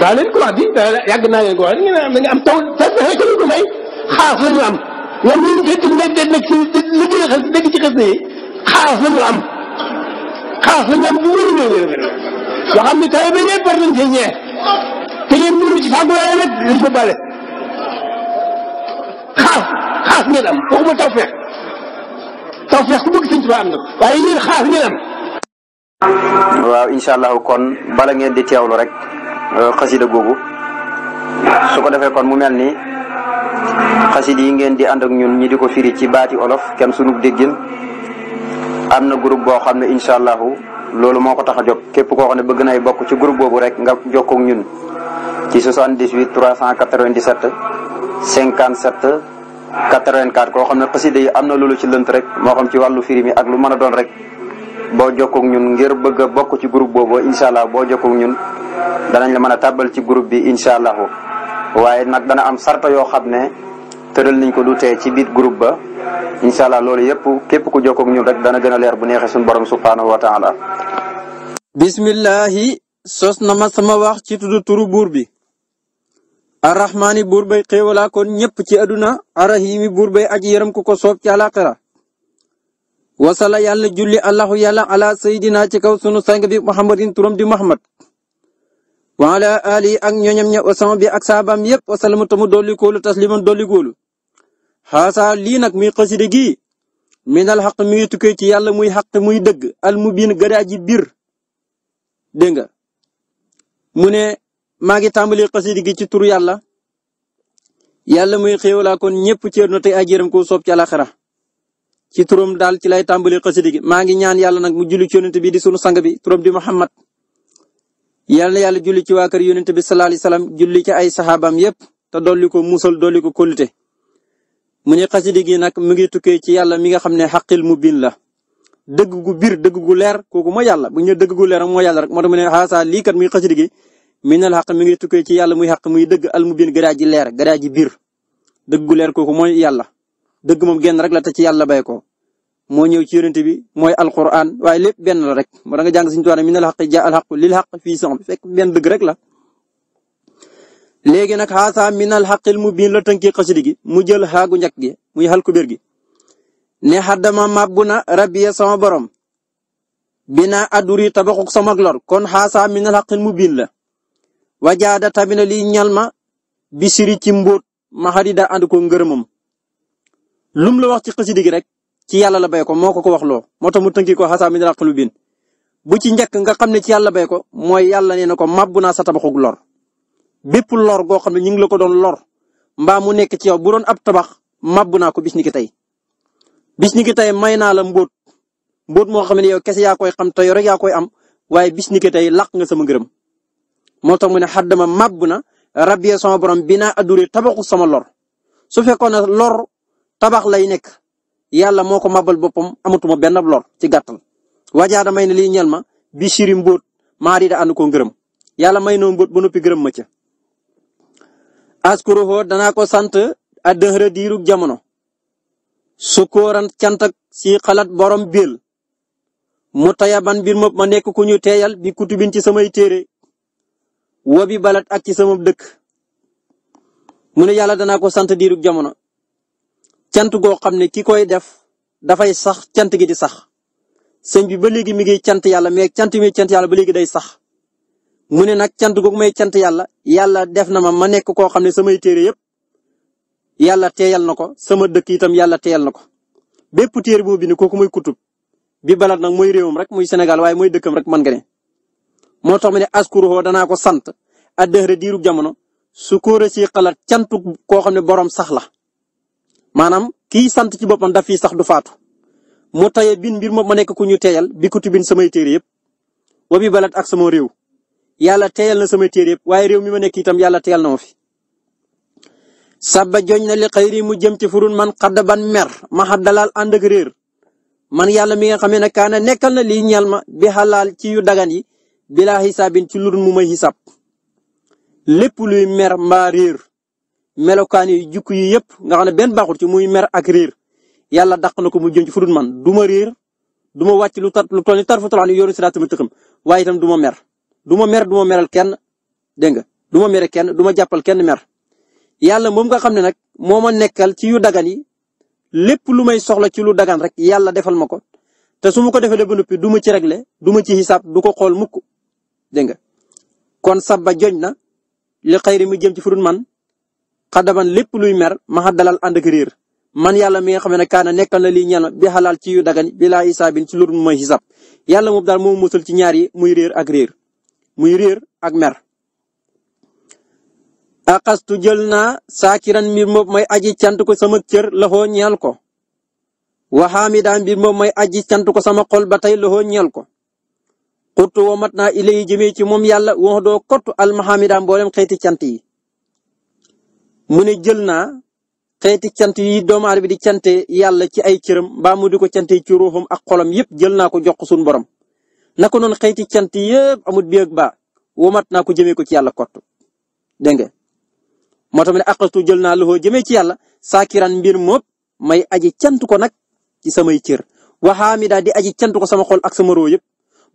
daa leen courant bi yàgg naa leen ko wax da nga am taw xaas la ñu am ñoom ñun fekk nekk de nekk ci liggéey xas nekk ci xas ne xaas la ñu am xaas la am bu wér wér ne tawe ngeen mënu ci sàngu waaye nag bale xaas xaas ngeen am waxuma taw feex taw ku bëgg sëñ Tuubaa am waaye yéen xaas ngeen am waaw incha allahu kon bala ngeen di teewlu rek xasida googu su ko defee kon mu mel ni xasid yi ngeen di ànd ak ñun ñi di ko firi ci baati olof kenn sunub déggin am na groupe boo xam ne incha allahu loolu moo ko tax a jóg képp koo xam ne bëgg nay bokk ci groupe boobu rek nga jokkoog ñun ci 78 397 57 84 koo xam ne xasida yi am na loolu ci lënt rek moo xam ci wàllu firi mi ak lu mën a doon rek boo jokkoog ñun ngir bëgg a bokk ci group boobu incha allah boo jokkoog ñun danañ la mën a tàbbal ci groupe bi incha allahu waaye nag dana am sarta yoo xam ne tëral nañ ko du tee ci biir group ba incha allah loolu yëpp képp ku jokkoog ñun rek dana gën a leer bu neexee suñu borom subhaanahu wa taala bismillahi sos na ma sama wax ci tuddu turu buur bi arrahmaani buur bay xéewalaa kon ñëpp ci aduna arrahimi buur bay aji yaram ku ko soob ci alaxira wasala yàlla julli allahu yàlla ala sayidina ci kaw sunu sang bi muhammadin turam di muhammad waala ali ak ñoñam ña osama bi ak saabam yëpp wasalama tamu dolli góolu tasliman dolli góolu xaasa lii nag muy xaside gii minal xaq mi ngi ci yàlla muy xaq muy dëgg al mubiin gadaa ji biir dégg nga mu ne maa ngi tàmbali xaside gi ci tur yàlla yàlla muy xéewalaa kon ñëpp céer na tey ajéram ko soob ci ci turam daal ci lay tàmbali xaside gi maa ngi ñaan yàlla nag mu julli ci yonent bi di sunu sang bi turam di Muhammad yal na yàlla julli ci waa kër yonent bi sallallahu alayhi wasallam julli ci ay saxaabaam yépp te dolli ko musal dolli ko kóllite mu ne xasidi gi nag mu ngi tukkee ci yàlla mi nga xam ne xaqil mu bin la dëgg gu biir dëgg gu leer kooku mooy yàlla bu ñu nee dëgg gu leer moo yàlla rek moo tax mu ne xaasa lii kat muy xasidi gi minal xaq mi ngi tukkee ci yàlla muy xaq muy dëgg al mu bin garaaji leer ji biir dëgg gu leer kooku mooy yàlla dëgg moom genn rek la te ci yàlla bay ko moo ñëw ci yonent bi mooy alquran waaye lépp benn la rek moo da nga jàng Sëriñ Tuubaa min al xaq ja al xaq lil xaq fii sax bi fekk benn dëgg rek la. léegi nag xaasaa min al mu biin la tënkee xasidi mu jël xaagu njëkk gi mu xal kubéer gi. ne xaddama màbbu na rabbiya sama borom. bina aduri tabaxuk sama lor kon xaasaa min al mu biin la. wajaada tamit lii ñal ma bisiri ci mbóot ma da ànd ko ngërëmam. lum la wax ci xasidi rek. ci yàlla la bay ko moo ko ko wax loo moo tax mu tënki ko xasaa min al-qulubin bu ci njëkk nga xam ne ci yàlla bay ko mooy yàlla nee na ko màbbu naa sa tabaxug lor bépp lor goo xam ne ñu ngi la ko doon lor mbaa mu nekk ci yow bu doon ab tabax màbb naa ko bis ni tey bis tey may naa la mbóot mboot moo xam ne yow kese yaa koy xam te yow rek yaa koy am waaye bis tey làq nga sama ngërëm moo tax mu ne xaddama màbbu na rab rabbi sama borom bi naa adduree tabaxu sama lor tabax lay nekk yàlla moo ko mabal boppam amatuma benn lor ci gàttal wajaada may na lii ñel ma bi siri mbóot maa di da ànd ko ngërëm yàlla may noo mbóot ba noppi gërëm ma ca askuruhu danaa ko sant a dëxra jamono sukooran cant ak si xalaat borom biil mu ban mbir ma ma nekk ku ñu teeyal bi kutubin ci samay téere wo bi balat ak ci sama dëkk mu ne yàlla danaa ko sant diirug jamono cant goo xam ne ki koy def dafay sax cant gi di sax sëñ bi ba léegi mi ngi cant yàlla mais cant mi cant yàlla ba léegi day sax mu ne nag cant googu may cant yàlla yàlla def na ma ma nekk koo xam ne samay téere yëpp yàlla teeyal na ko sama dëkk itam yàlla teeyal na ko bépp téere boo ko kooku mooy kutub bi balat nag mooy réewam rek muy Sénégal waaye mooy dëkkam rek man nga ne moo tax ma ne askuruhu danaa ko sant addëhre diiru jamono su ko rëcc xalaat cantu koo xam ne borom sax la. maanaam kii sant ci boppam daf fii sax du faatu mu taye bin mbir moom ma nekk ku ñu teeyal bi ku tubin samay téere yëpp wa ak sama réew yàlla teeyal na samay téere yëpp waaye réew mi ma nekk itam yàlla teeyal na ma fi. Sabba joñ na li xëyri mu jëm ci furun man xadda ban mer ma xaddalaal ànd ak réer man yàlla mi nga xamee ne kaana nekkal na lii ñal ma bi xalaal ci yu dagan yi bilaa xisaabin ci lurun mu may xisaab lépp luy mer mbaa réer melokaan yi jukku yi yëpp nga xam ne benn baaxul ci muy mer ak réer yàlla dàq na ko mu jëm ci fudut man du ma réer du ma wàcc lu tar lu toll ni tarfatulaa ni yoonu siraatal mustaqiim waaye itam du ma mer du ma mer du ma meral kenn dégg nga du ma mere kenn du ma jàppal kenn meer yàlla moom nga xam ne nag moo ma nekkal ci yu dagan yi lépp lu may soxla ci lu dagan rek yàlla defal ma ko te su ma ko defee de ba noppi duma ci réglé du ma ci xisaab du ko xool mukk dégg nga kon sabba joñ na li xayri jëm ci furun man xadaban lépp luy mer maxa dalal ànd ak réer man yàlla mi nga xam ne kaana nekkal na lii ñeel bi xalaal ci yu dagan bi laa isaabin ci lu mooy xisaab yàlla moom daal moo mosal ci ñaar yi muy réer ak réer muy réer ak mer. axastu jël na saakiran mbir moom mooy aji cant ko sama cër loxo ñeel ko. waxaamidaan mbir moom mooy aji ko sama xol ba tey loxo ñeel ko. xuttu woo mat naa ilay jëmee ci moom yàlla wax doo kottu almaxaamidaan mboolem xeeti cant yi. mu ne jël naa xeeti cant yi doomu aadama bi di cante yàlla ci ay cëram mbaa mu di ko cante ci ruuxam ak xolam yëpp jël naa ko jox ko suñu borom naka noon xeeti cant yëpp amut bi ak baa womat naa ko jëmee ko ci yàlla kott dégg nga moo tax ne aqatu jël naa loxo jëmee ci yàlla saakiraan mbir moop may aji cant ko nag ci samay cër waxaami daal di aji ko sama xol ak sama roo yëpp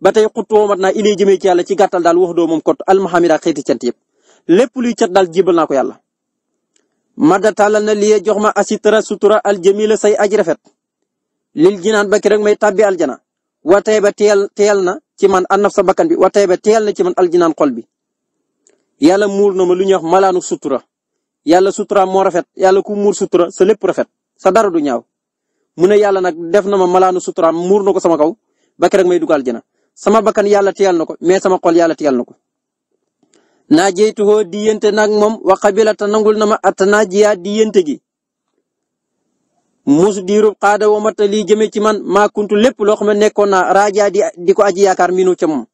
ba tey xuttu womat naa ilee jëmee ci yàlla ci gàttal daal wax doo moom kott almahamida xeeti cant yëpp lépp luy cat daal jibal naa ko yàlla madda tàllal na liye jox ma asitara sutura aljamila say aji rafet lil jinaan ba rek may tàbbi aljana wa tey ba teel teel na ci man an sa bakkan bi wa tey ba teel na ci man aljinaan xol bi yàlla muur na ma lu ñuy wax malaanu sutura yàlla sutura moo rafet yàlla ku muur sutura sa lépp rafet sa dara du ñaaw mu ne yàlla nag def na ma malaanu sutura muur na ko sama kaw ba rek may dugal aljana sama bakkan yàlla teel na ko mais sama xol yàlla teel na ko naajeytuhoo di yente nag moom wa qabila ta nangul na ma atanaajiyaa di yente gi mus diirub xaada wa mata lii jëme ci man maa kuntu lépp loo xam ne nekkoon naa raajaa di di ko aji yaakaar minu ca moom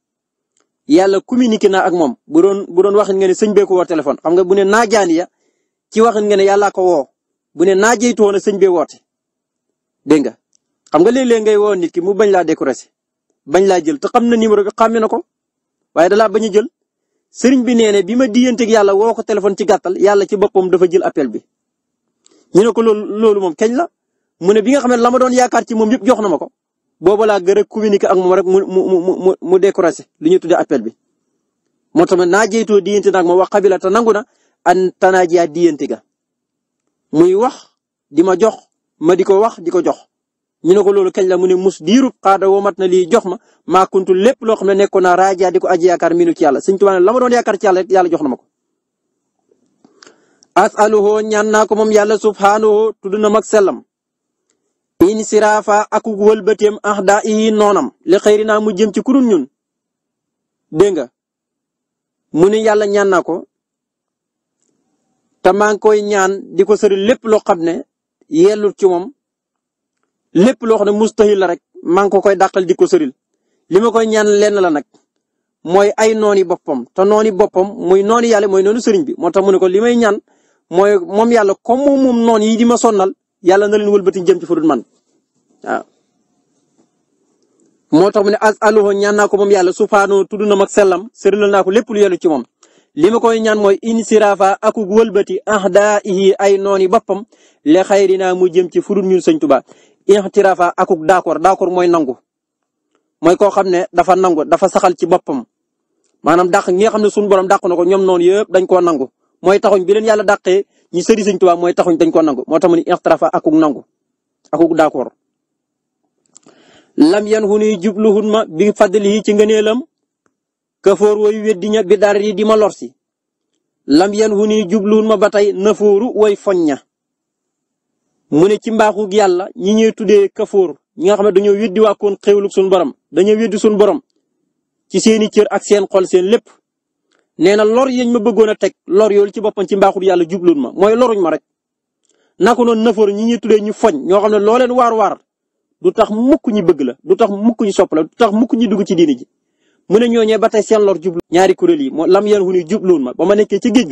yàlla communiqué naa ak moom bu doon bu doon waxin nga ne sëñ bee ko woo xam nga bu ne naajaan ya ci waxin nga ne yàllaa ko woo bu ne naajeytuhoo na sëñ bee woote dégg nga xam nga léeg ngay woo nit mu bañ laa découragé bañ laa jël te xam na numéro bi xàmme na ko waaye dalaa sëriñ bi nee ne bi ma diyanteeg yàlla woo ko téléphone ci gàttal yàlla ci boppam dafa jël appel bi ñu ne ko loolu loolu moom kañ la mu ne bi nga xam ne la ma doon yaakaar ci moom yëpp jox na ma ko boobu laa gën a communiqué ak moom rek mu mu mu mu mu découragé li ñuy tuddee appel bi. moo tax nag naa jeytoo diyante nag ma wax xabila te nangu na an tanaajiya diyante ga muy wax di ma jox ma di ko wax di ko jox ñu ne ko loolu kañ la mu ne mus diirub xaada woo mat na lii jox ma maa kuntu lépp loo xam ne nekkoon naa raajaa di aji yaakaar minu ci yàlla Sëñ Tuubaa ne la ma doon yaakaar ci yàlla rek yàlla na ma ko. asaluhu ñaan naa ko moom yàlla subhaanahu tudd na mag sellam. insiraafa ak wëlbateem ah daa ii noonam li xëyri naa mu jëm ci ku dul ñun. dégg nga mu ne yàlla ñaan naa ko te maa ngi koy ñaan di ko sori lépp loo xam ne yellut ci moom. lépp loo xam ne mustahil la rek maa koy dàqal di ko sëril li ma koy ñaan lenn la nag mooy ay nooni boppam te nooni boppam muy nooni yàlla mooy noonu seriñ bi moo tax mu ne ko li may ñaan mooy moom yàlla comme moom moom yi di ma sonnal yàlla na leen wëlbati jëm ci fudul man waaw. moo tax mu ne as aluhu ñan naa ko moom yàlla subhaanahu tudd na mag sellam sërilal naa ko lépp lu yellu ci moom. li ma koy ñaan mooy insirafa ak wëlbati ahdaa ihi ay nooni boppam le xayrina mu jëm ci fudul ñun sëñ Tuubaa ixtirafa akuk d'accord d'accord mooy nangu mooy koo xam ne dafa nangu dafa saxal ci boppam maanaam dàq ñi nga xam ne suñu borom dàq na ko ñoom noonu yëpp dañ koo nangu mooy taxuñ bi leen yàlla dàqee ñi sëri sëñ Tuubaa mooy taxuñ dañ koo nangu moo tax mu ne ixtirafa akuk nangu akuk d'accord lam yan xuni jubluhun ma bi fadlihi ci ngëneelam kafoor way weddi ña bi dara di ma lor si lam yen xuni jubluhun ma ba tey nafooru way foñña mu ne ci mbaaxug yàlla ñi ñuy tuddee kafoor ñi nga xam ne dañoo weddi waakoon xéwlu suñu borom dañoo weddi suñu borom ci seeni cër ak seen xol seen lépp nee na lor yañ ma bëggoon a teg lor yoolu ci boppam ci mbaaxug yàlla jubluun ma mooy loruñ ma rek. naka noonu nafoor ñi ñuy tuddee ñu foñ ñoo xam ne loo leen waar-waar du tax mukk ñi bëgg la du tax mukk ñi sopp la du tax mukk ñi dugg ci diini ji mu ne ñooñee ba tey seen lor jublu ñaari kuréel yi moo lam yan wu ni jubluun ma ba ma nekkee ci géej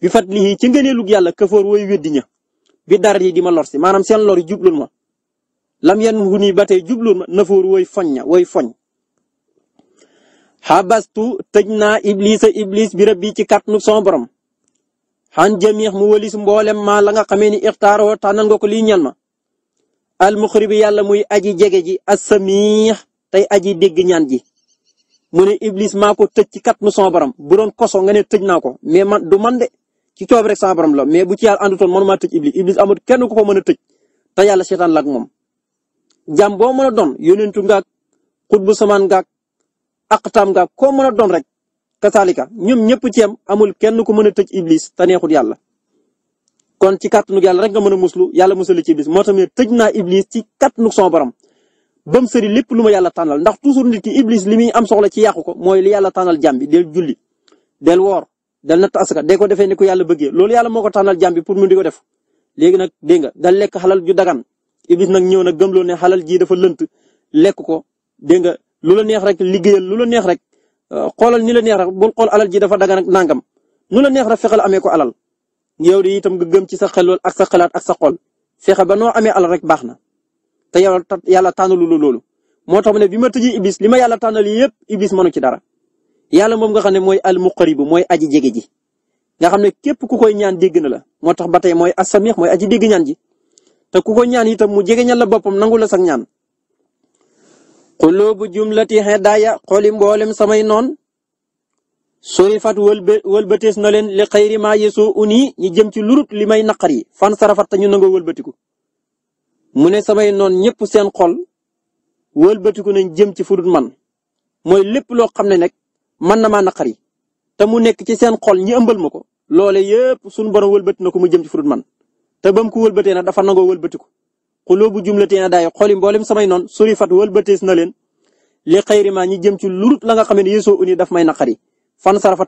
ga ci ngëneelug yàlla kafoor wooy weddi ña bi dara di ma lor si maanaam seen lor yi jublul ma lam yan wu nii ba tey jublul ma nafoor woy foñ na woy foñ. xabastu tëj naa iblisa iblis bi rabbi ci kàttanu sama borom. xan jamiix mu wëlis mboolem ma la nga xamee ni ixtaaroo tànnal ko lii ñal ma. almuxri bi yàlla muy aji jege ji asamiix tey aji dégg ñaan ji. mu ne iblis maa ko tëj ci kàttanu sama koso nga ne tëj man du ci coob rek sama borom la mais bu ci yàlla àndutoon mënuma tëj iblis iblis amul kenn ko mën a tëj te yàlla seetaan la ak moom. jàmm boo mën a doon yónentu ngaak xutbu samaan ngaak aqtaam ngaak koo mën a doon rek kasaalika ñoom ñëpp ci amul kenn ku mën a tëj iblis te neexut yàlla. kon ci kàttanu yàlla rek nga mën a muslu yàlla musali ci iblis moo tax ne tëj naa iblis ci kàttanu sama borom bam sëri lépp lu ma yàlla tànnal ndax toujours nit ki iblis li muy am soxla ci yàqu mooy li yàlla tànnal jàmm bi del julli del woor dal natt asaka day ko defee ni ko yàlla bëggee loolu yàlla moo ko tànnal jàmm bi pour mu di def léegi nag dégg nga dal lekk xalal ju dagan iblis nag ñëw na gëmloo ne xalal ji dafa lënt lekk ko dégg nga lu la neex rek liggéeyal lu la neex rek euh, xoolal ni la neex rek bul xool alal ji dafa dagan ak nangam nu la neex rek fexeel amee ko alal yow di itam ga gëm ci sa xel ak sa xalaat ak sa xool fexe ba noo amee alal rek baax na te yàlla yàlla tànnalu loolu moo tax ne bi ma tëjee iblis li ma yàlla tànnal yëpp iblis mënu ci dara yàlla moom nga xam ne mooy al bu mooy aji jege ji nga xam ne képp ku koy ñaan dégg na la moo tax ba tey mooy asamix mooy aji dégg ñaan ji te ku ko ñaan itam mu jege ñan la boppam nangu la sax ñaan xulubu jumlati hidaya xoli mboolem samay noon surifat wëlbatees na leen li xayri ma yesu uni ñi jëm ci lurut li may naqar yi fan sarafat te ñu nangoo wëlbatiku mu ne samay noon ñëpp seen xol wëlbatiku nañ jëm ci fudut man mooy lépp loo xam ne nag mën na maa naqari te mu nekk ci seen xol ñi ëmbal ma ko loole yëpp suñu borom wëlbati na ko mu jëm ci furut man te ba mu ko wëlbatee nag dafa nangoo walbatiku ko xuloobu jumlatee day daay xoli mboolem samay noon surifat wëlbatees na leen li xayri ma ñi jëm ci lurut la nga xam ne yeesoo uni dafa may naqari fan sarafa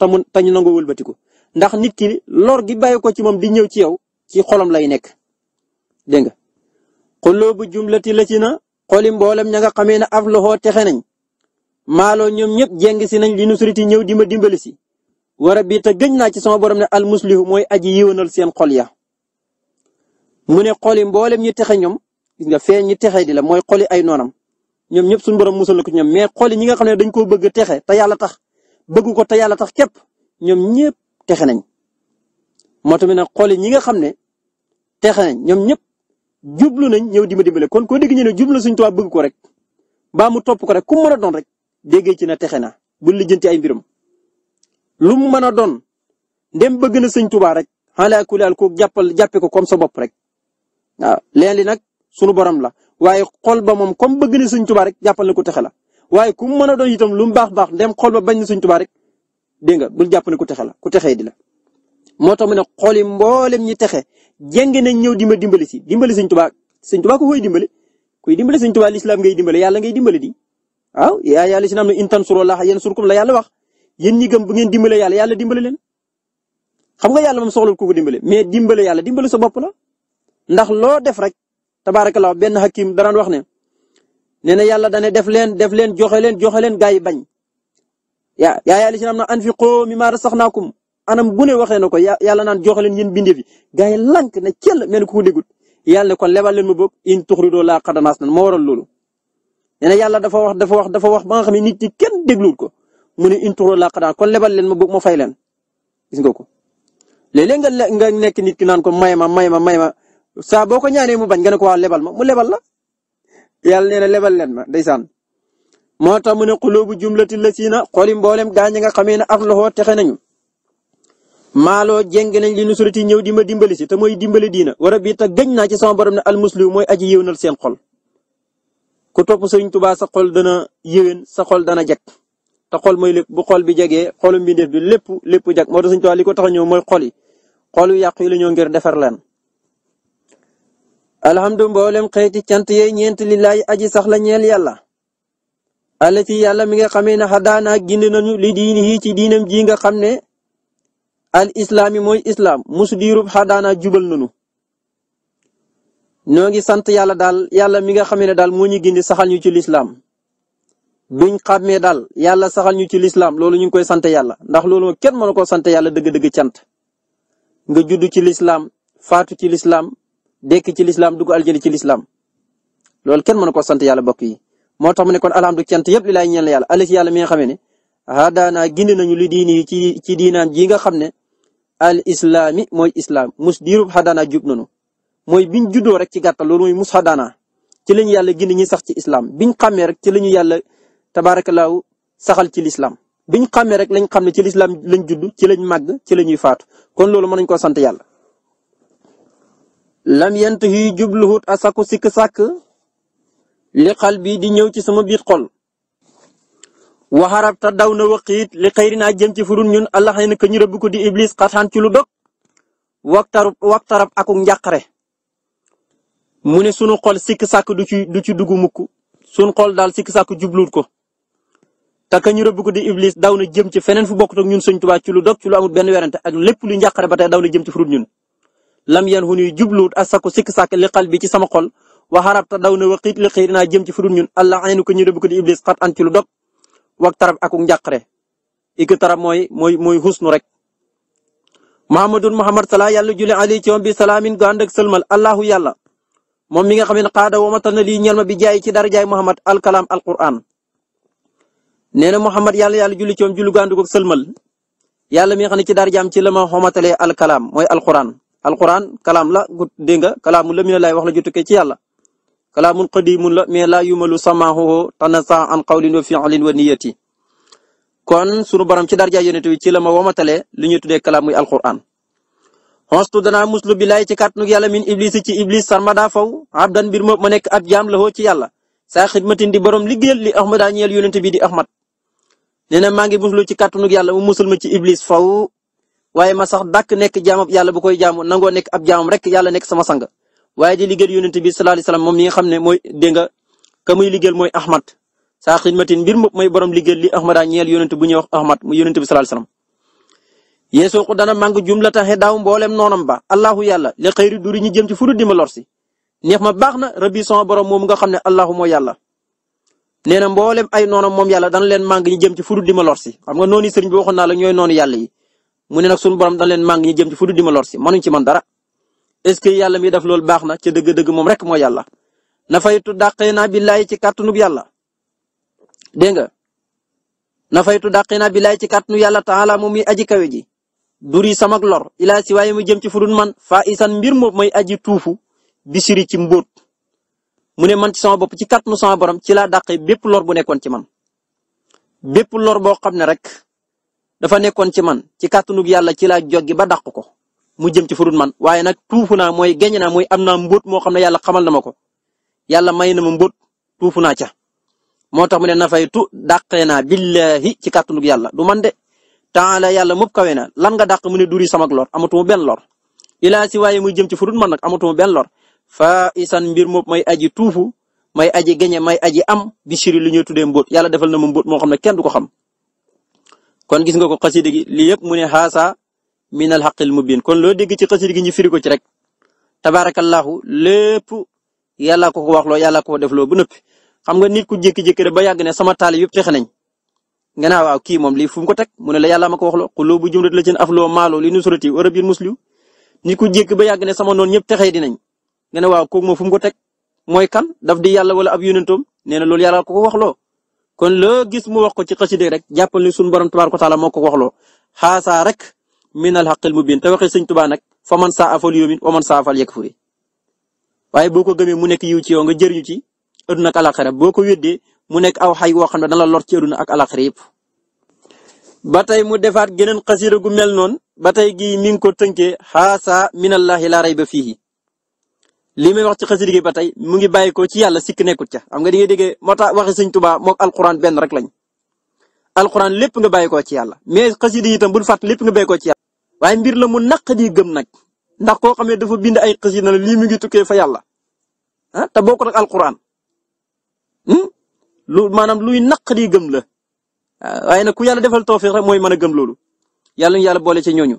tamu tañu nango walbatiku ndax nit ki lor gi bàyyi ko ci moom di ñëw ci yow ci xolam lay nekk dégg nga xuloobu jumlati la ci na xoli mboolem ña nga xamee ne af loxoo texe nañ maaloo ñoom ñëpp jeng si nañ li nusriti ñëw di ma dimbali si. wara bii te gëj naa ci sama borom ne almuslihu mooy aji yiwanal seen xol ya mu ne xol mboolem ñi texe ñoom gis nga fee ñi texe di la mooy xol ay noonam ñoom ñëpp suñu borom musal ko ñoom mais xol yi ñi nga xam ne dañ koo bëgg texe te yàlla tax bëgg ko te yàlla tax képp ñoom ñëpp texe nañ. moo tamit nag xol ñi nga xam ne texe nañ ñoom ñëpp jublu nañ ñëw di ma dimbale kon koo dégg ñu ne jublu suñ tubaab bëgg ko rek baa mu topp ko rek ku mu mën a doon rek déggee ci na texe na bu lijjanti ay mbiram lu mu mën a doon dem bëgg na sëñ Tuubaa rek xanaa ku laal ko jàppal jàppe ko comme sa bopp rek waaw leen nag sunu borom la waaye xol ba moom comme bëgg na sëñ Tuubaa rek jàppal na ko texe la waaye ku mu mën a doon itam lu mu baax baax dem xol bañ na sëñ Tuubaa rek dégg nga bul jàpp ne ku texe la ku texee di la. moo tax mu ne xol yi mboolem ñi texe jeng nañ ñëw di ma dimbali si dimbali sëñ Tuubaa sëñ Tuubaa ko koy dimbali kuy dimbali sëñ Tuubaa lislaam ngay dimbali yàlla ngay dimbali di waaw yaa na lazina aamanu in tansurullaha yansurkum la yàlla wax yéen ñi gëm bu ngeen dimbale yàlla yàlla dimbale leen xam nga yàlla moom soxlul ku ko dimbale mais dimbale yàlla dimbale sa bopp la ndax loo def rek tabaarakallaa benn hakim daraan wax ne nee na yàlla dane def leen def leen joxe leen joxe leen gaa yi bañ na an yàlla ci am na anfiqu mimmaa razaqnaakum anam bu ne waxee na ko yalla naan joxe leen yéen bindee fi gaa yi lànk na cell mel ku ko déggul yàlla ne kon lebal leen ma boog in tuxridoo laa qad ahsanaa moo waral loolu nee yàlla dafa wax dafa wax dafa wax ba nga xam ne nit ñi kenn déglul ko mu ne in tuxru laqad ko lebal leen ma bëgg ma fay leen gis nga ko. léeg-léeg nga nga nekk nit ki naan ko may ma may ma may ma saa boo ko ñaanee mu bañ nga ne ko waa lebal ma mu lebal la yàlla nee lebal leen ma saan moo tax mu ne xulóobu jumlati la siina xooli mboolem gaañ nga xamee ne af loxo texe nañu maaloo jéng nañ li nusrati ñëw di ma dimbali si te mooy dimbali diina wara bi te gëñ naa ci sama borom ne almuslim mooy aji yëwnal seen xol ku topp sëriñ tubaa sa xol dana yéwén sa xol dana jag te xol mooy lépp bu xol bi jegee xolu mbindeef bi lépp lépp jag moo tax sëriñ tubaa li ko tax a ñëw mooy xol yi xol yu yàqu yi la ñoo ngir defar leen alhamdu mboolem xeeti cant yee ñeent lilay aji sax la ñeel yàlla alati yàlla mi nga xamee ne xadaana gind nañu li diini yi ci diinam ji nga xam ne al islaami mooy islaam musu diirub xadaana jubal nañu ñoo ngi sant yàlla daal yàlla mi nga xamee ne daal moo ñu gind saxal ñu ci lislaam duñ xàmmee daal yàlla saxal ñu ci lislaam loolu ñu ngi koy sant yàlla ndax loolu kenn mënu koo sant yàlla dëgg-dëgg cant nga judd ci lislaam faatu ci lislaam dekk ci lislaam dugg aljani ci lislaam loolu kenn mënu koo sant yàlla bokk yi moo tax mu ne kon alhamdu cant yëpp li laay ñeel yàlla ala yàlla mi nga xam ne hadaana gindi nañu li diini ci ci diinaan ji nga xam ne al islaami mooy islaam mus diirub hadaana jub nañu mooy biñ juddoo rek ci gàttal loolu mooy musadana ci lañu yàlla gindi ñi sax ci islam biñ xamee rek ci lañu yàlla tabaarakallaahu saxal ci lislam biñ xamee rek lañ xam ne ci lislam lañ judd ci lañ màgg ci lañuy faatu kon loolu mën nañ koo sant yàlla lam yent yuy jubluhut asaku sikk sàkk li xal bi di ñëw ci sama biir xol waxarab ta daw na waxiit li xëyri na jëm ci furun ñun allah na ka ñu rëbb ko di iblis xataan ci lu dog waktarab waktarab aku njàqare mu ne sunu xol sikk sàkk du ci du ci dugg mukk sunu xol daal sikk sàkk jubluut ko te ka ñu ko di Iblis daw na jëm ci feneen fu bokkut ak ñun Sëñ Tuubaa ci lu dog ci lu amul benn werante ak lépp lu njàqare ba tey daw na jëm ci furut ñun. lam yan fu ñuy jubluut ak sakku sak sàkk li xal bi ci sama xol wa xarab te daw na waxiit li xëy ci furut ñun allah aynu ko ñu rëbb ko di Iblis xat an ci lu dog wak tarab ak njàqare ik tarab mooy mooy mooy xusnu rek. Muhammadun Muhammad salaa yàlla julli alayhi ci moom bi salaamin gu ànd ak yàlla moom mi nga xam ne xaada womatal na lii ñeel ma bi jay ci dara jaay Muhammad alkalaam alquran nee na Muhammad yàlla yàlla julli coom jullu gàndugog sëlmal yàlla mi nga xam ci dara jaam ci la ma xomatalee alkalaam mooy alquran alquran kalaam la gu dégg nga mu la mi ne laay wax la ju tukkee ci yàlla kalaamun qadimun la mais laa yumalu samaahu tanasa an qawlin wa fi'lin wa niyati kon sunu borom ci dara jaay yonent bi ci la ma womatale li ñu tuddee kalaam muy alquran xostu danaa muslu billaay ci kàttanug yàlla min iblis ci iblis sarmada faw abdan mbir ma ma nekk ab jaam la ci yàlla saa xidmatin di borom liggéeyal li ahmada ñeel yonent bi di ahmad nee na maa ngi muslu ci kàttanug yàlla mu musul ma ci iblis faw waaye ma sax dàkk nekk jaamab yàlla bu koy jaamu nangoo nekk ab jaamam rek yàlla nekk sama sang waaye di liggéeyal yonent bi sallallahu alayhi wasallam moom mi nga xam ne mooy dégg nga mooy ahmad saa xidmatin mbir ma may borom liggéeyal li ahmada ñeel yonent bu ñuy wax ahmad mu yonent bi sallallahu yeesooku dana màng jumlata xedaaw mboolem noonam ba allahu yàlla li xëyri duri ñu jëm ci fudu di ma lor si neex ma baax na rabbi sama borom moom nga xam ne allahu moo yàlla nee na mboolem ay noonam moom yàlla dana leen màng ñu jëm ci fu di ma lor xam nga noonu sëriñ bi waxoon naa la ñooy noonu yàlla yi mu ne nag sunu borom dana leen màng ñu jëm ci fudu di ma lor si mënuñ ci man dara est-ce yàlla mi def loolu baax na ca dëgg-dëgg moom rek moo yàlla nafaytu dàqee naa billaahi ci kàttanug yàlla dégg nga nafaytu dàqee naa billaahi ci kàttanu yàlla taala moom mi kawe ji duri samak lor ilaa si waaye mu jëm ci fudun man fa isan mbir moom mooy aji tuufu bisiri ci mbóot mu ne man ci sama bopp ci kàttanu sama borom ci laa dàqee bépp lor bu nekkoon ci man bépp lor boo xam ne rek dafa nekkoon ci man ci kàttanug yàlla ci laa joggi ba daq ko mu jëm ci fudun man waaye nag tuufu naa mooy gañe na mooy am na mbóot moo xam ne yàlla xamal na ma ko yàlla may na ma mbóot tuufu naa ca moo tax mu ne na fay tu dàqee naa billahi ci kàttanug yàlla du man taala yàlla mëpp kawe na lan nga dàq mu ne duri samak lor amatuma benn lor ila si waaye muy jëm ci fudut man nag amatuma benn lor fa isan mbir moom may aji tuufu may aji gañe may aji am bi siri lu ñuy tuddee mbóot yàlla defal na ma mbóot moo xam ne kenn du ko xam kon gis nga ko xasida gi lii yëpp mu ne xaasa minal xaqil kon loo dégg ci xasida gi ñu firi ko ci rek tabaarakallaahu lépp yàlla ko ko wax loo yàlla ko ko def loo bu xam nga nit ku jékki-jékki ba yàgg ne sama taal yëpp texe nañ nga naa waaw kii moom lii ko teg mu ne la yàlla ma ko wax loo xuloo bu jumlat la ci afloo maaloo li musliw ni ko jékk ba yàgg ne sama noon ñëpp texee dinañ nga ne waaw kooku moom ko teg mooy kan daf di yàlla wala ab yonentoom nee na loolu yàlla ko ko wax loo kon loo gis mu wax ko ci xasida rek jàppal ni suñu borom tabaaraka taala moo ko wax loo xaasaa rek minal xaqil bin te waxee sëñ Tuubaa nag fa man saa afal yumin wa man saa afal yakfuri boo ko gëmee mu nekk yiw ci yow nga jëriñu ci àdduna ak ko weddee mu nekk aw xay woo xam ne dana lor ci àdduna ak alaxira yëpp ba tey mu defaat geneen xasida gu mel noonu ba tey gii mi ngi ko tënkee xaasa minallahi laa ba fiihi li may wax ci xasida gi ba tey mu ngi bàyyi ko ci yàlla sikk nekkut ca am nga di nga déggee moo tax waxi sëñ Tuubaa moog alxuraan benn rek lañ alxuraan lépp nga bàyyi ko ci yàlla mais xasida yi itam bul fàtt lépp nga bay ko ci yàlla waaye mbir la mu naq di gëm nag ndax koo xam ne dafa bind ay xasida na lii mu ngi tukkee fa yàlla ah te lu maanaam luy naqari gëm la ah, waaye nag ku yàlla defal tawfiq rek mooy mën a gëm loolu yàlla ñu yàlla boole ci ñooñu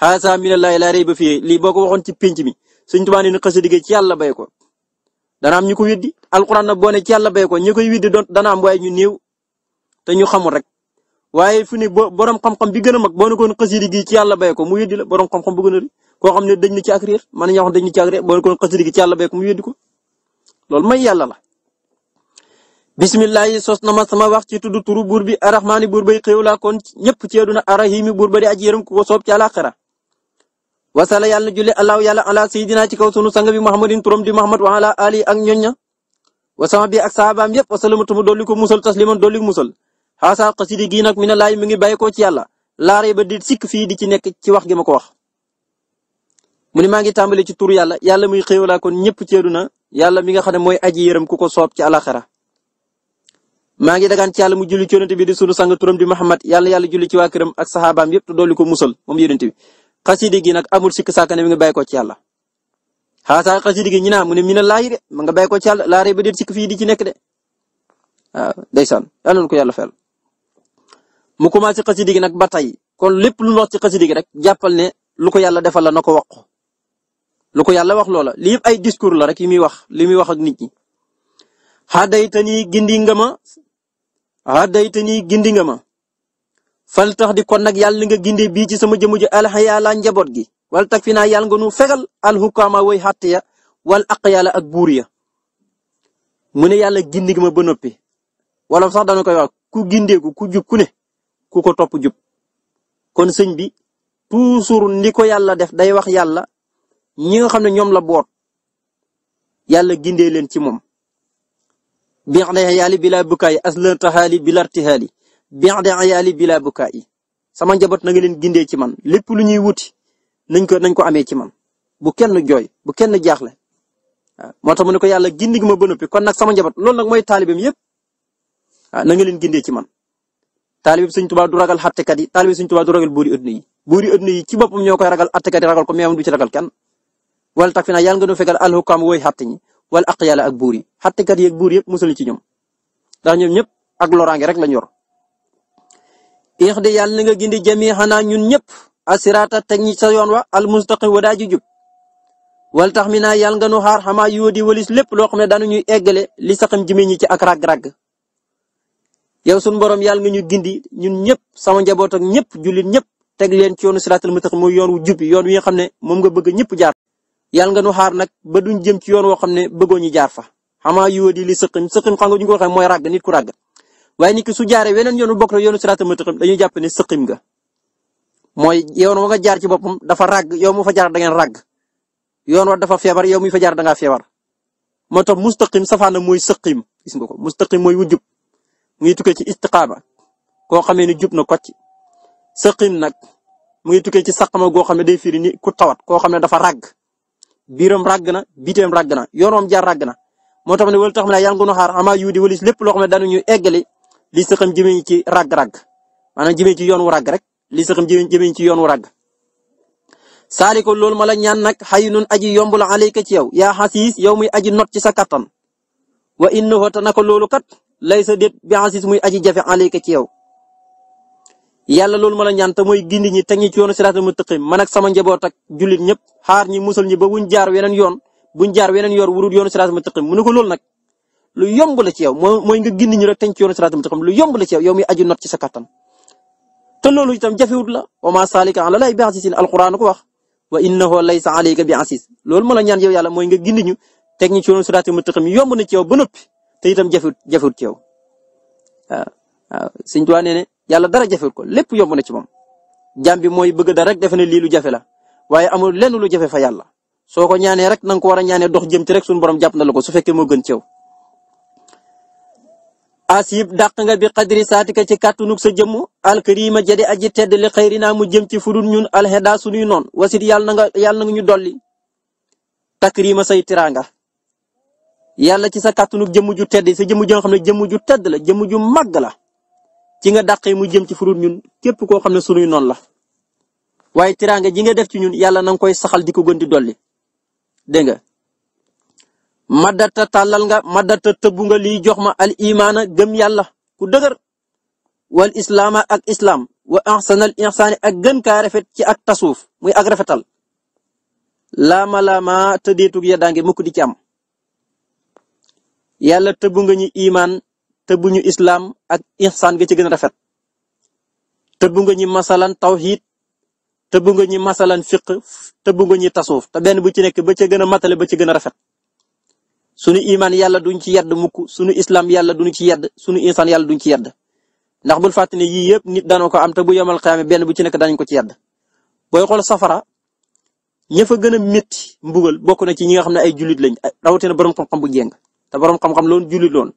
xaasa minallaahi laa rayba fii lii boo ko waxoon ci pénc mi suñ tubaa ne xasida gi ci yàlla bay ko dana am ñu ko weddi alquran na boo ne ci yàlla bay ko ñi koy weddi dana am waaye ñu niw te ñu xamul rek waaye fu ne boo xam-xam bi gën a mag boo ne koon xasida gi ci yàlla bay ko mu weddi la borom xam-xam bu a rëy koo xam ne dañ na ci ak ci yàlla bay ko mu weddi ko loolu may yàlla la bismillahi sos na ma sama wax ci tudd turu buur bi arrahmaani buur bay xéewlaa kon ñëpp ci àddina arrahimi buur ba di aji yërëm ku ko soob ci àllaaxira wasala yàlla na julli allahu yàlla ala sayidina ci kaw sunu sang bi muhammadin turam di muhammad wa ala ali ak ñoña wasama bi ak saabaam yëpp wasalama tumu dolli ko musal tasliman dolli musal xaasa xasidi gii nag mi ne laay mi ngi bàyyi ko ci yàlla laaree ba di sikk fii di ci nekk ci wax gi ma ko wax mu maa ngi tàmbali ci turu yàlla yàlla muy xéewlaa kon ñëpp ci àddina yàlla mi nga xam ne mooy aji yërëm ku ko soob ci àllaaxira maa ngi dagaan ci yàlla mu julli ci yonent bi di sunu sang turam di Muhammad yàlla yàlla julli ci waa këram ak saxaabaam yëpp te ko musal moom yonent bi xasidi gi amul sikk sàkk ne nga bàyyi ko ci yàlla xaasaa xasidi gi ñu naan mu ne mi na laay de ma nga bàyyi ko ci laaree ba déet sikk fii di ci nekk de waaw ndeysaan nag ba tey kon lépp lu wax ci xasidi gi rek jàppal ne lu ko yàlla defal na ko wax lu ko yàlla wax loola lii ay discours la rek yi muy wax li muy wax ak nit ñi gindi nga ma ah day te nii gindi nga ma fal tax di kon nag yàlla nga gindee bii ci sama jëmm ji alxayaala njaboot gi wal tag fi naa yàlla nga nu fegal alxukaama way xàtt ya wal aq yàlla ak buur ya mu ne yàlla gindi ma ba noppi wala sax dana koy wax ku gindeeku ku jub ku ne ku ko topp jub kon sëñ bi toujours ni ko yàlla def day wax yàlla ñi nga xam ne ñoom la boot yàlla gindee leen ci moom bi'da ayaali bila bukaay i tahaali bila irtihaali bi'da ayaali bila bukaay sama njaboot na nga leen gindee ci man lépp lu ñuy wuti nañ ko nañ ko amee ci man bu kenn jooy bu kenn jaaxle waaw ah, moo tax mu ne ko yàlla gindi gi ma ba noppi kon nag sama njaboot lool nag mooy taalibeem yëpp waaw ah, na nga leen gindee ci man. taalibe Sëñ Tuubaa du ragal xattekat yi taalibe Sëñ Tuubaa du ragal buuri àddina yi buuri ci boppam ñoo koy ragal xattekat yi ragal ko mais du ci ragal kenn wala tax fi naa yàlla nga doon fegal alxukaam wooy xatt wala ak yàlla ak buur yi xattekat yeeg buur yëpp musul ci ñoom ndax ñoom ñëpp ak loraange rek lañ yor. ixdi yàlla na nga gindi jami xanaa ñun ñëpp asiraata teg ñi yoon wa al mustaqim wa daa ji jub wal tax mi naa yàlla nga nu xaar xamaa yoo di walis lépp loo xam ne daanu ñuy eggale li saxam jimi ñi ci ak ràgg-ràgg yow sunu borom yàlla nga ñu gindi ñun ñëpp sama njaboot ak ñëpp jullit ñëpp teg leen ci yoonu siraatal mustaqim mooy yoon wu jub yoon wi nga xam ne moom nga bëgg ñëpp jaar. yàlla nga nu nag ba duñ jëm ci yoon woo xam ne bëggoo ñu jaar fa xamaa yu di li sëqin sëqin xam nga ñu ko waxee mooy ràgg nit ku ràgg waaye niki ki su jaaree weneen yoonu bokk na yoonu siraatal mustaqiim dañuy jàpp ne sëqim nga mooy yoon wa nga jaar ci boppam dafa ràgg yow mu fa jaar da ngeen ràgg yoon wa dafa feebar yow mi fa jaar da ngaa feebar moo tax mustaqim safaana mooy sëqim gis nga ko mustaqim mooy wu jub mu ngi tukkee ci istiqaama koo xamee ni jub na kocc sëqim nag mu ngi tukkee ci saqama goo xam ne day firi ni ku tawat koo xam ne dafa ràgg biiram ràgg na biteem ràgg na yoonam jaar ràgg na moo tax ne wol tax ma ne yàlla na xaar amaa yu di walis lépp loo xam ne daanuñu eggali li sa xam jëmee ci ràgg-ràgg maanaam jëmee ci yoon wu ràgg rek li sa xam jëmee ci yoon wu ràgg. saaliko loolu ma la ñaan nag xay nun aji yomb la alayka ci yow ya xasiis yow muy aji not ci sa kattan wa innahu te naka loolu kat lay sa déet bi xasiis muy aji jafe alayka ci yow. yàlla loolu ma la ñaan te mooy gindi ñi teg ñi ci yoonu siraatal mustaqim man sama njaboot ak jullit ñëpp ñi musal ñi ba buñ jaar weneen yoon buñ jaar weneen yoon wurut yoonu siraatal mustaqim mu ne ko loolu nag lu yomb la ci yow mooy mooy nga gindi ñi rek teg la ci yow yow mi aju not ci sa kattan te loolu wa ma saalika ala lay bi asisin alquran ko wax wa innahu laysa alayka bi asis loolu ma la ñaan yow yàlla mooy nga gindi ñu teg ñi ci yoonu siraatal mustaqim yomb na ci yow ba noppi te itam jafewut ci yow waaw waaw yàlla dara jafe ko lépp yomb na ci moom jaam bi mooy bëgg dara rek defe ne lii lu jafe la waaye amul lenn lu jafe fa yàlla soo ko ñaanee rek na nga ko war a ñaanee dox jëm ci rek suñu borom jàpp na la ko su fekkee moo gën ci yow. asib dàq nga bi saati saatika ci kàttanug sa jëm jëmm alkarima jadi aji tedd li xëyri naa mu jëm ci fudun ñun alxeda suñuy noon wasit yàlla na nga yàlla na ñu dolli takrima say tiranga yàlla ci sa kàttanug jëmm ju tedd sa jëmm joo xam ne jëmm ju tedd la jëmm ju màgg la ci nga dàqee mu jëm ci furut ñun képp koo xam ne sunuy noonu la waaye tiraanga ji nga def ci ñun yàlla na koy saxal di ko gën di dolli dégg nga madata tàllal nga madata tëbu nga liy jox ma al imaana gëm yàlla ku dëgër wal islaama ak islaam wa ahsanal ihsaani ak gën kaa rafet ci ak tasuuf muy ak rafetal laama laama tëddeetug ya daange mukk di ci am yàlla nga ñi imaan tëbb ñu islaam ak ihsaan ga ci gën a rafet tëbb nga ñi masalan tawxiid tëbb nga ñi masalan fiq tëbb nga ñi tasuuf te benn bu ci nekk ba ca gën a matale ba ci gën a rafet sunu imaan yàlla duñ ci yedd mukk sunu islaam yàlla duñ ci yedd sunu ihsaan yàlla duñ ci yedd ndax bul fàtte ne yii yëpp nit dañoo ko am te bu yemal xayaame benn bu ci nekk danañ ko ci yedd booy xool safara ña fa gën a métti mbugal bokk na ci ñi nga xam ne ay jullit lañ rawatina borom xam bu jéng te borom xam-xam loon loon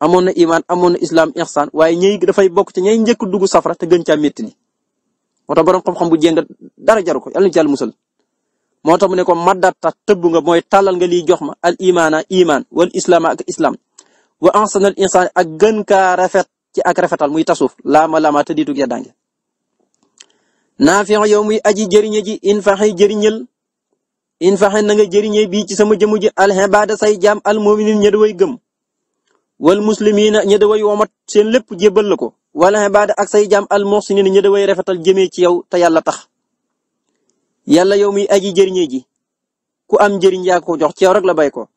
amoon na imaan amoon na islam ihsan waaye ñëy dafay bokk ci ñay njëkk dugg safara te gën caa métti moo tax borom xam-xam bu jéng dara jaru ko yàlla na musal moo tax ne ko maddata tëbb nga mooy tàllal nga liy jox ma al imaana iman wal islaama ak islam wa ahsana ak gën kaa rafet ci ak rafetal muy tasuuf laama laama te diitug yeddaange naafiya yow muy aji jëriñe ji in faxe jëriñal in faxe na nga jëriñe bii ci sama jëmu ji alxibaada say jaam al muminin ña way gëm wal muslimiina ña da way womat seen lépp jébbal la ko wala ibaada ak say jaam al muhsiniin ña da way rafetal jëmee ci yow te yàlla tax yàlla yow miy aji jëriñee ji ku am njëriñ yaa ko jox ci yow rek la bay ko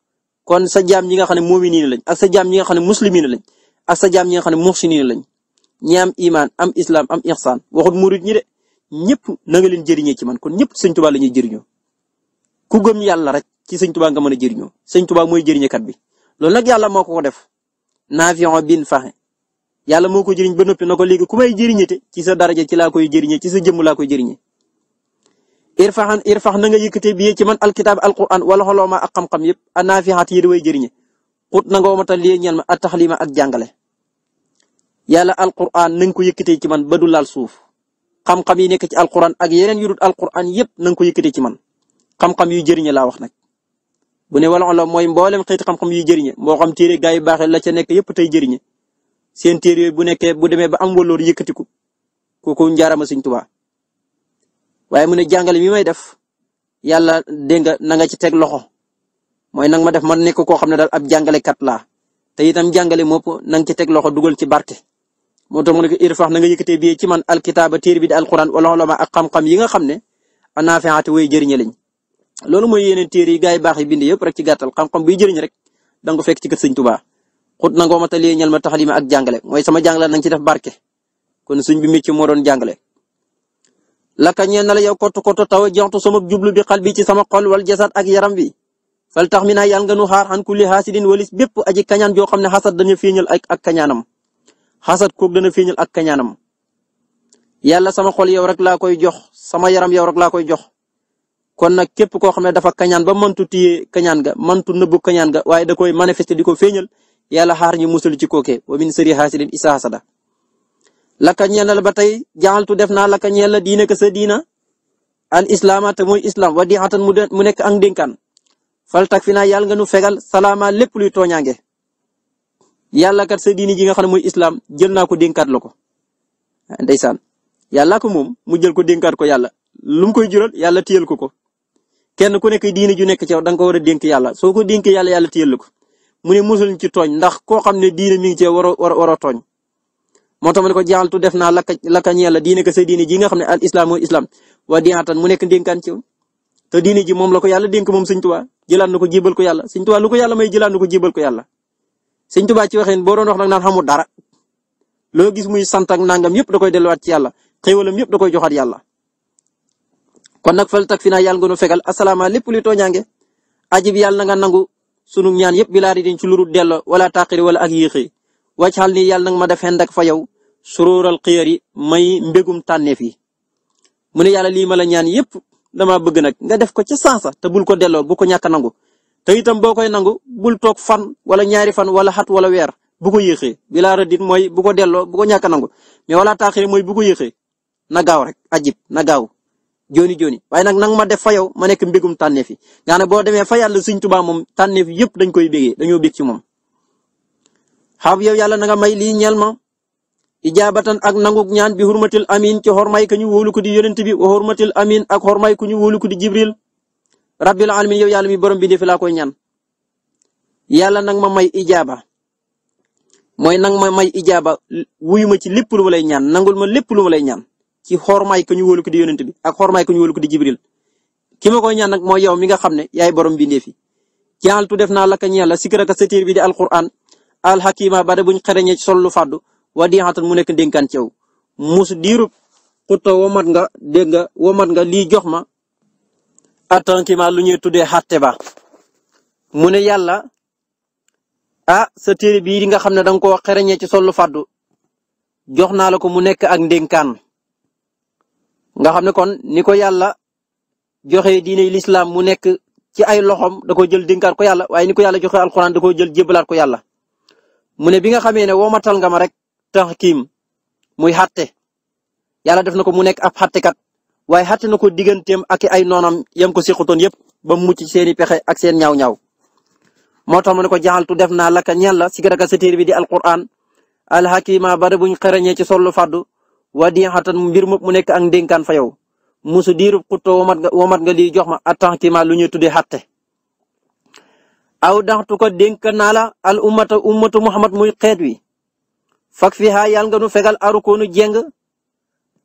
kon sa jaam ñi nga xam ne mu'miniin lañ ak sa jaam ñi nga xam ne muslimiin lañ ak sa jaam ñi nga xam ne muhsiniin lañ ñi am imaan am islam am ihsaan waxut murit ñi de ñëpp na nga leen jëriñee ci man kon ñëpp sëñ Tuubaa la ñuy jëriñoo ku gëm yàlla rek ci sëñ Tuubaa nga mën a jëriñoo sëñ Tuubaa mooy jëriñekat bi loolu nag yàlla moo ko def naafion bin faxe yàlla moo ko jëriñ ba noppi na ko léegi ku may jëriñate ci sa daraja ci laa koy jëriñee ci sa jëmm laa koy jëriñee irfaxan irfax na nga yëkkatee bi ci man alkitaab alquran wala xoloo ma ak xam-xam yëpp a naafixaat yi di way jëriñe xut na nga womatal lii ñeel ma ak taxlima ak jàngale yàlla alquran na nga ko yëkkatee ci man ba laal suuf xam-xam yi nekk ci alquran ak yeneen yu dul alquran yëpp na nga ko yëkkatee ci man xam-xam yu jëriñe laa wax nag bu ne wala la mooy mboolem xeeti xam-xam yi jëriñe moo xam téere gaa yu baaxee la ca nekk yëpp tey jëriñe seen téere yooyu bu nekkee bu demee ba am waloor yëkkatiku kooku njaarama Sëriñ Tuubaa waaye mu ne jàngale mi may def yàlla dégg nga na nga ci teg loxo mooy nag ma def man nekk koo xam ne daal ab jàngalekat laa te itam jàngale mopp na nga ci teg loxo dugal ci barke. moo tax mu ne ko irfax na nga yëkkatee bii ci man alkitaaba téere bi di alquran wala ulama ak xam-xam yi nga xam ne anaafiaati way jëriñe lañ loolu mooy yeneen téere yi gars yi baax yi bind yëpp rek ci gàttal xam-xam buy jëriñ rek da nga ko fekk ci kër sëñ Tuubaa xut na nga mata lii ma taxalima ak jàngale mooy sama jàngale na nga ci def barke kon sëñ bi métier moo doon jàngale laka ñeen na la yow kottu kottu taw a joxtu sama jublu bi xal bi ci sama xol wala jasad ak yaram bi fal tax mi naa yàlla nga nu xaar xan kulli xaasidin walis bépp aji kañaan joo xam ne xasad dañu feeñal ak ak kañaanam xasad koog dana feeñal ak kañaanam yàlla sama xol yow rek laa koy jox sama yaram yow rek laa koy jox kon nag képp koo xam ne dafa kañaan ba mëntu téye kañaan ga mantu nëbbu kañaan ga waaye da koy manifester di ko feeñal yàlla xaar ñu musal ci kooke wa min sëri xaasidin isa hasada laka ñeel la ba tey jaxaltu def naa laka ñeel la diine ka sa diina al islaama te mooy islam wa diatan mu nekk ak dénkaan fal tak fi naa yàlla nga nu fegal salaama lépp luy tooñaange yàlla kat sa diini ji nga xam ne mooy islam jël naa ko dénkaat la ko ndeysaan yàlla ko moom mu jël ko dénkaat ko yàlla lu koy jural yàlla téyel ko ko kenn ku nekk diine ju nekk ci yow ko war a dénk yàlla soo ko dénkee yàlla yàlla téyel la ko mu ne musul ci tooñ ndax koo xam ne diine mi ngi cee war a a war tooñ moo tax ma ne ko jaaltu def naa lakka lakka ñeel la diine ka sa diine ji nga xam ne al islam mooy islam waa diinaatan mu nekk dénkaan ci yow te diine ji moom la ko yàlla dénk moom sëñ Tuubaa jëlaat na ko jébal ko yàlla sëñ Tuubaa ko yàlla may jëlaat na ko ko yàlla sëñ Tuubaa ci waxin boo doon wax nag naan xamul dara loo gis muy sant ak nangam yëpp da koy delluwaat ci yàlla xéewalam yëpp da koy joxaat yàlla kon nag fal takfinaa yàlla nga nu fegal asalaama lépp luy tooñaange ajib yàlla nanga nga nangu sunu ñaan yëpp bi laa di ci lurut delloo wala taaxiri wala ak yéexi wàccal ni yàlla nag ma def hendak fa yow suróoral xiyar yi may mbegum tànneef yi mu ne yàlla lii ma la ñaan yëpp dama bëgg nag nga def ko ca sansa te bul ko delloo bu ko ñàkk nangu te itam boo koy nangu bul toog fan wala ñaari fan wala xat wala weer bu ko yéexee bi laa rëddit mooy bu ko delloo bu ko ñàkk nangu mais wala taaxiri mooy bu ko yéexee na gaaw rek ajib na gaaw jooni jooni waaye nag nang ma def fa yow ma nekk mbégum tànneef yi nga boo demee fa yàlla Sëriñ Tuubaa moom tànneef yëpp dañ koy bégee dañoo bég ci moom. xaab yow yàlla na may lii ñeel ma ijaabatan ak nanguk ñaan bi hurmatil amin ci xormay ka ñu wóolu ko di yonent bi wa hurmatil amin ak xormay ku ñu wóolu ko di jibril rabbil alamin yow yàlla mi borom bi defi laa koy ñaan yàlla nag ma may ijaaba mooy nag ma may ijaaba wuyu ma ci lépp lu ma lay ñaan nangul ma lépp lu ma lay ñaan ci xormaay ko ñu wóolu ko di yonent bi ak xormaay ko ñu wóolu ko di jibril ki ma koy ñaan nag mooy yow mi nga xam ne yaay borom bindéef yi jaaltu def naa laka ñeel la sikra ka satir bi di alquran alxakima ba de buñ xereñee ci sol lu fàddu wa diixatan mu nekk dénkaan ci yow mus diirub xutta womat nga dégg nga womat nga lii jox ma attankima lu ñuy tuddee xatte ba mu ne yàlla a ah, sa téere bii di nga xam ne danga ko xereñee ci sollu fàddu jox naa la ko mu nekk ak ndénkaan nga xam ne kon ni ko yàlla joxe diine lislaam mu nekk ci ay loxoom da koo jël dénkaat ko yàlla waaye ni ko yàlla joxe alxuraan da koo jël jébbalaat ko yàlla. mu ne bi nga xamee ne womatal nga ma rek taxkiim muy xàtte yàlla def na ko mu nekk ab xàttekat waaye xate na ko digganteem ak ay noonam yam ko sequtoon yëpp ba mu mucc seeni pexe ak seen ñaw ñaw moo tax mu ne ko jaxaltu def naa la ka di alquran alxakima bare buñ xarañee ci sollu faddu wadixatan mbir mu nekk ak ndénkaan fa yow musu diirub xuttoo womat nga womat nga lii jox ma attentiment lu ñuy tuddee xatte aw daxtu ko dénk naa la al ummata ummatu muhammad muy xeet wi fak fi haa yàlla nga nu fegal arukoonu jeng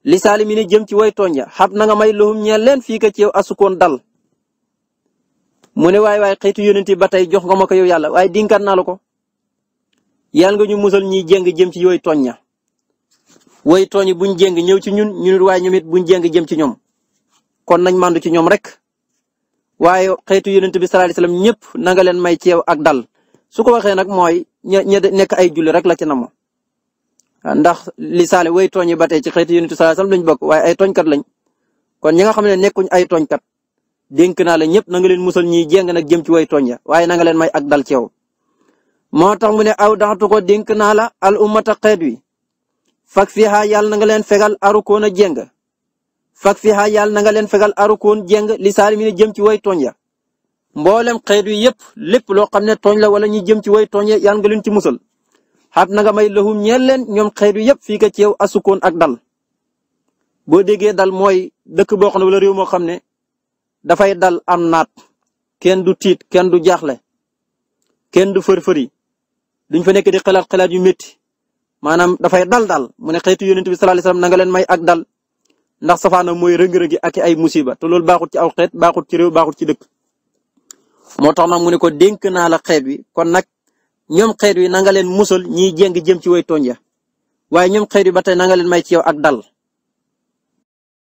li saalimini jëm ci way tooñ ya xab na nga may lahum ñeel leen fii ka ci yow asukoon dal mu ne waay waay xeetu yonent ba tey jox nga ma yow yàlla waaye dénkaat naa la ko yàlla nga ñu musal ñiy jeng jëm ci yooyu tooñ ya way tooñi buñ jéng ñëw ci ñun ñu nit waaye ñoom it buñ jéng jëm ci ñoom kon nañ màndu ci ñoom rek waaye xeetu yonent bi sallallahu alayhi wasallam ñëpp na leen may ci ak dal suko ko waxee nag mooy ña ña nekk ay julli rek la ci namoo ndax li saale tooñ yi ba tey ci xeet yonent bi sallallahu alayhi wasallam lañ bokk waaye ay tooñkat lañ kon ñi nga xam ne nekkuñ ay tooñkat dénk naa la ñëpp na nga leen musal ñiy jéng nag jëm ci way tooñ ya waaye nanga leen may ak dal ci yow moo tax mu dénk naa la al ummata xeet wi fak fiha yàlla na nga leen fegal arukoon a jéng fak fiha yàlla na nga leen fegal arukoon jéng li saalimiina jëm ci way tooñ ya mboolem xeet wi yëpp lépp loo xam ne tooñ la wala ñi jëm ci way tooñ ya yàlla nga leen ci musal xat nanga nga may lahum ñeel leen ñoom xeet wi yëpp fii ka ci yow asukoon ak dal boo déggee dal mooy dëkk boo xam ne wala réew moo xam ne dafay dal am naat kenn du tiit kenn du jaaxle kenn du fërfëri duñ fa nekk di xalaat xalaat yu métti maanaam dafay dal daal mu ne xeetu yonent bi sallallahu alayhi wasallam nga leen may ak dal ndax safaana mooy rëng-rëng ak ay musiba te loolu baaxut ci aw xeet baaxut ci rew baaxut ci dëkk. moo tax nag mu ne ko dénk naa la xeet wi kon nag ñoom xeet wi nanga nga leen musal ñiy jéng jëm ci way tooñ ya waaye ñoom xeet wi ba tey na leen may ci yow ak dal.